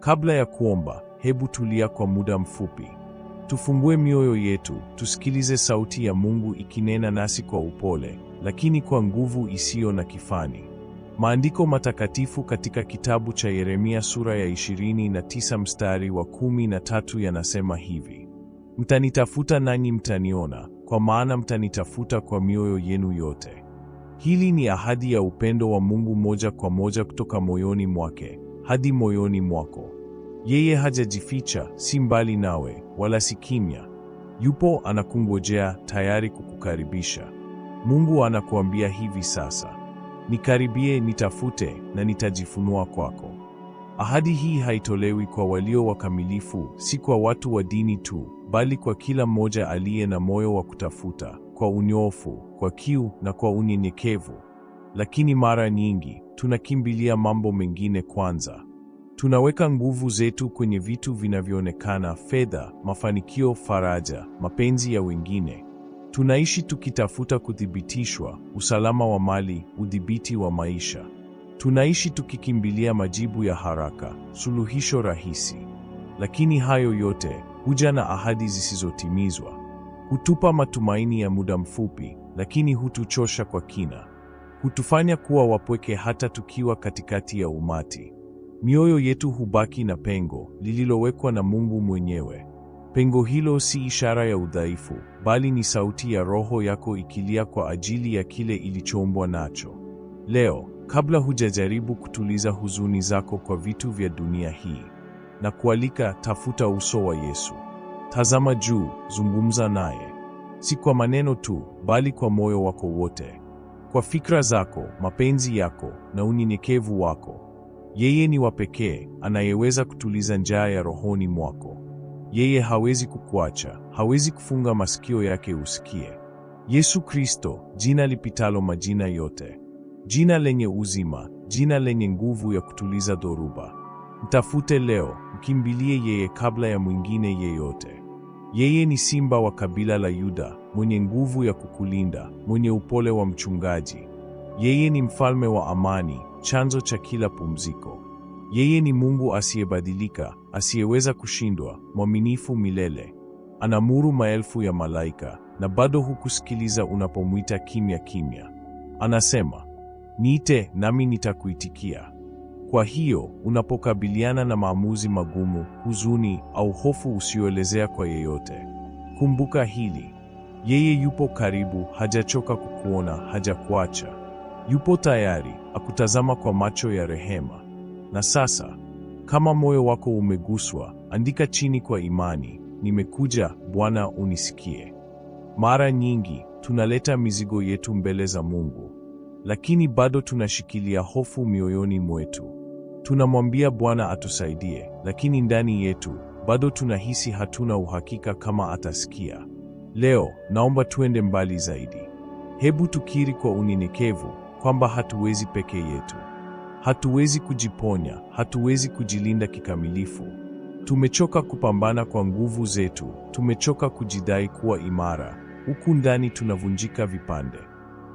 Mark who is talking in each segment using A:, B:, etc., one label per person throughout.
A: Kabla ya kuomba, hebu tulia kwa muda mfupi. Tufungue mioyo yetu, tusikilize sauti ya Mungu ikinena nasi kwa upole, lakini kwa nguvu isiyo na kifani. Maandiko matakatifu katika kitabu cha Yeremia sura ya 29 mstari wa 13 yanasema hivi: mtanitafuta nanyi mtaniona, kwa maana mtanitafuta kwa mioyo yenu yote. Hili ni ahadi ya upendo wa Mungu moja kwa moja kutoka moyoni mwake, hadi moyoni mwako. Yeye hajajificha, si mbali nawe, wala si kimya. Yupo anakungojea, tayari kukukaribisha. Mungu anakuambia hivi sasa, nikaribie, nitafute na nitajifunua kwako. Ahadi hii haitolewi kwa walio wakamilifu, si kwa watu wa dini tu, bali kwa kila mmoja aliye na moyo wa kutafuta, kwa unyofu, kwa kiu na kwa unyenyekevu. Lakini mara nyingi tunakimbilia mambo mengine kwanza. Tunaweka nguvu zetu kwenye vitu vinavyoonekana: fedha, mafanikio, faraja, mapenzi ya wengine. Tunaishi tukitafuta kuthibitishwa, usalama wa mali, udhibiti wa maisha. Tunaishi tukikimbilia majibu ya haraka, suluhisho rahisi. Lakini hayo yote huja na ahadi zisizotimizwa, hutupa matumaini ya muda mfupi, lakini hutuchosha kwa kina hutufanya kuwa wapweke hata tukiwa katikati ya umati. Mioyo yetu hubaki na pengo lililowekwa na Mungu mwenyewe. Pengo hilo si ishara ya udhaifu, bali ni sauti ya roho yako ikilia kwa ajili ya kile ilichombwa nacho. Leo, kabla hujajaribu kutuliza huzuni zako kwa vitu vya dunia hii, na kualika, tafuta uso wa Yesu. Tazama juu, zungumza naye, si kwa maneno tu, bali kwa moyo wako wote kwa fikra zako, mapenzi yako na unyenyekevu wako. Yeye ni wa pekee anayeweza kutuliza njaa ya rohoni mwako. Yeye hawezi kukuacha, hawezi kufunga masikio yake usikie. Yesu Kristo, jina lipitalo majina yote, jina lenye uzima, jina lenye nguvu ya kutuliza dhoruba. Mtafute leo, mkimbilie yeye kabla ya mwingine yeyote. Yeye ni simba wa kabila la Yuda, mwenye nguvu ya kukulinda, mwenye upole wa mchungaji. Yeye ni mfalme wa amani, chanzo cha kila pumziko. Yeye ni Mungu asiyebadilika, asiyeweza kushindwa, mwaminifu milele. Anamuru maelfu ya malaika na bado hukusikiliza unapomwita kimya kimya. Anasema, niite nami nitakuitikia. Kwa hiyo unapokabiliana na maamuzi magumu, huzuni au hofu usioelezea kwa yeyote, kumbuka hili. Yeye yupo karibu, hajachoka kukuona, hajakuacha. Yupo tayari akutazama kwa macho ya rehema. Na sasa, kama moyo wako umeguswa, andika chini kwa imani, nimekuja Bwana, unisikie. Mara nyingi tunaleta mizigo yetu mbele za Mungu, lakini bado tunashikilia hofu mioyoni mwetu. Tunamwambia Bwana atusaidie, lakini ndani yetu bado tunahisi hatuna uhakika kama atasikia. Leo naomba tuende mbali zaidi. Hebu tukiri kwa unyenyekevu kwamba hatuwezi peke yetu. Hatuwezi kujiponya, hatuwezi kujilinda kikamilifu. Tumechoka kupambana kwa nguvu zetu, tumechoka kujidai kuwa imara. Huku ndani tunavunjika vipande.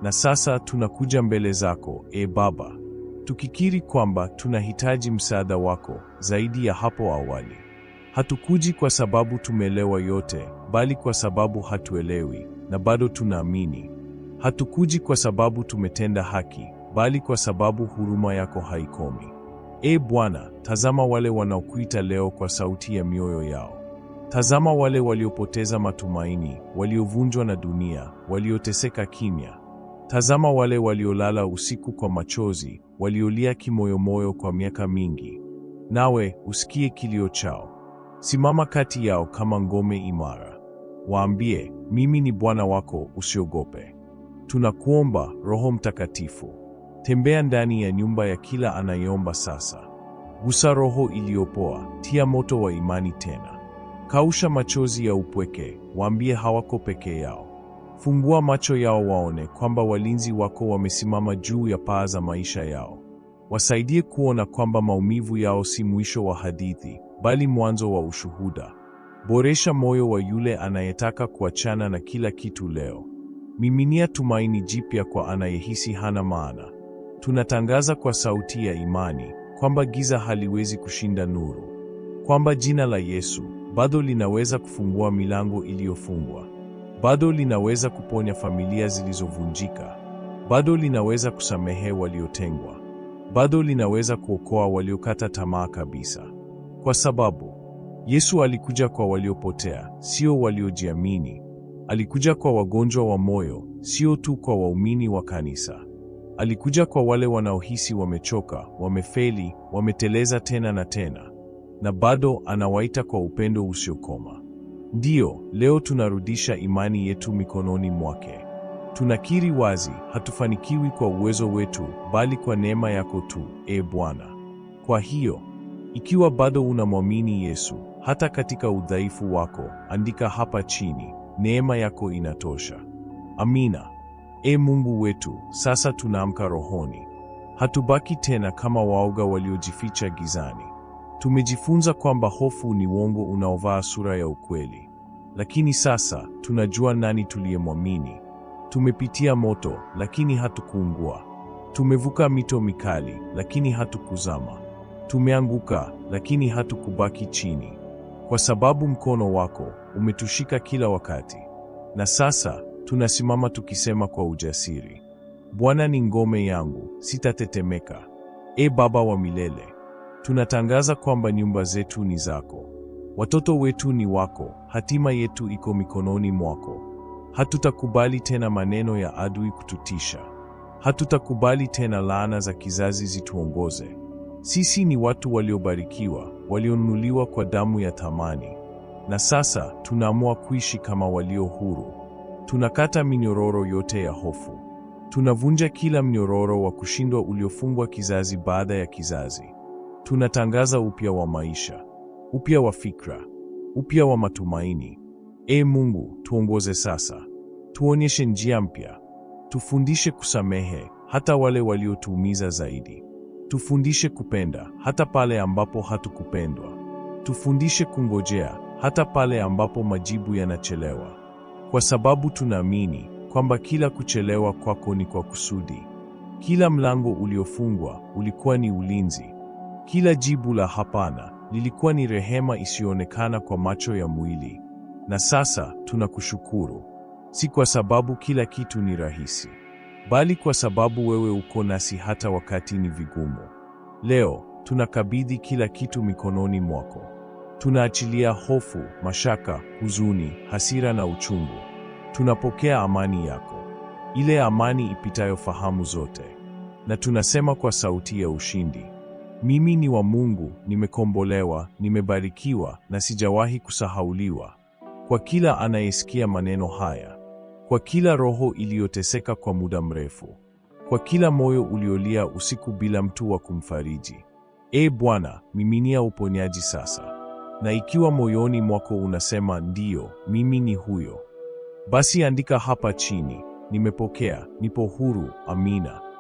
A: Na sasa tunakuja mbele zako, e Baba, tukikiri kwamba tunahitaji msaada wako zaidi ya hapo awali. Hatukuji kwa sababu tumeelewa yote, bali kwa sababu hatuelewi na bado tunaamini. Hatukuji kwa sababu tumetenda haki, bali kwa sababu huruma yako haikomi. E Bwana, tazama wale wanaokuita leo kwa sauti ya mioyo yao. Tazama wale waliopoteza matumaini, waliovunjwa na dunia, walioteseka kimya. Tazama wale waliolala usiku kwa machozi, waliolia kimoyomoyo kwa miaka mingi. Nawe usikie kilio chao. Simama kati yao kama ngome imara. Waambie, mimi ni Bwana wako, usiogope. Tunakuomba Roho Mtakatifu, tembea ndani ya nyumba ya kila anayeomba sasa. Gusa roho iliyopoa, tia moto wa imani tena. Kausha machozi ya upweke, waambie hawako peke yao. Fungua macho yao waone kwamba walinzi wako wamesimama juu ya paa za maisha yao. Wasaidie kuona kwamba maumivu yao si mwisho wa hadithi, bali mwanzo wa ushuhuda. Boresha moyo wa yule anayetaka kuachana na kila kitu leo. Miminia tumaini jipya kwa anayehisi hana maana. Tunatangaza kwa sauti ya imani kwamba giza haliwezi kushinda nuru, kwamba jina la Yesu bado linaweza kufungua milango iliyofungwa, bado linaweza kuponya familia zilizovunjika, bado linaweza kusamehe waliotengwa, bado linaweza kuokoa waliokata tamaa kabisa, kwa sababu Yesu alikuja kwa waliopotea, sio waliojiamini. Alikuja kwa wagonjwa wa moyo, sio tu kwa waumini wa kanisa. Alikuja kwa wale wanaohisi wamechoka, wamefeli, wameteleza tena na tena, na bado anawaita kwa upendo usiokoma. Ndiyo, leo tunarudisha imani yetu mikononi mwake. Tunakiri wazi, hatufanikiwi kwa uwezo wetu, bali kwa neema yako tu, e Bwana. Kwa hiyo, ikiwa bado unamwamini Yesu, hata katika udhaifu wako, andika hapa chini, neema yako inatosha. Amina. E Mungu wetu, sasa tunaamka rohoni. Hatubaki tena kama waoga waliojificha gizani. Tumejifunza kwamba hofu ni uongo unaovaa sura ya ukweli. Lakini sasa tunajua nani tuliyemwamini. Tumepitia moto, lakini hatukuungua. Tumevuka mito mikali, lakini hatukuzama. Tumeanguka, lakini hatukubaki chini kwa sababu mkono wako umetushika kila wakati. Na sasa tunasimama tukisema kwa ujasiri, Bwana ni ngome yangu, sitatetemeka. E Baba wa milele, tunatangaza kwamba nyumba zetu ni zako, watoto wetu ni wako, hatima yetu iko mikononi mwako. Hatutakubali tena maneno ya adui kututisha, hatutakubali tena laana za kizazi zituongoze. Sisi ni watu waliobarikiwa walionunuliwa kwa damu ya thamani, na sasa tunaamua kuishi kama walio huru. Tunakata minyororo yote ya hofu, tunavunja kila mnyororo wa kushindwa uliofungwa kizazi baada ya kizazi. Tunatangaza upya wa maisha, upya wa fikra, upya wa matumaini. E Mungu, tuongoze sasa, tuonyeshe njia mpya, tufundishe kusamehe hata wale waliotuumiza zaidi. Tufundishe kupenda hata pale ambapo hatukupendwa. Tufundishe kungojea hata pale ambapo majibu yanachelewa, kwa sababu tunaamini kwamba kila kuchelewa kwako ni kwa kusudi. Kila mlango uliofungwa ulikuwa ni ulinzi. Kila jibu la hapana lilikuwa ni rehema isiyoonekana kwa macho ya mwili. Na sasa tunakushukuru, si kwa sababu kila kitu ni rahisi bali kwa sababu wewe uko nasi hata wakati ni vigumu. Leo tunakabidhi kila kitu mikononi mwako. Tunaachilia hofu, mashaka, huzuni, hasira na uchungu. Tunapokea amani yako, ile amani ipitayo fahamu zote, na tunasema kwa sauti ya ushindi, mimi ni wa Mungu, nimekombolewa, nimebarikiwa na sijawahi kusahauliwa. Kwa kila anayesikia maneno haya kwa kila roho iliyoteseka kwa muda mrefu, kwa kila moyo uliolia usiku bila mtu wa kumfariji. E Bwana, miminia uponyaji sasa. Na ikiwa moyoni mwako unasema ndiyo, mimi ni huyo, basi andika hapa chini, nimepokea, nipo huru, amina.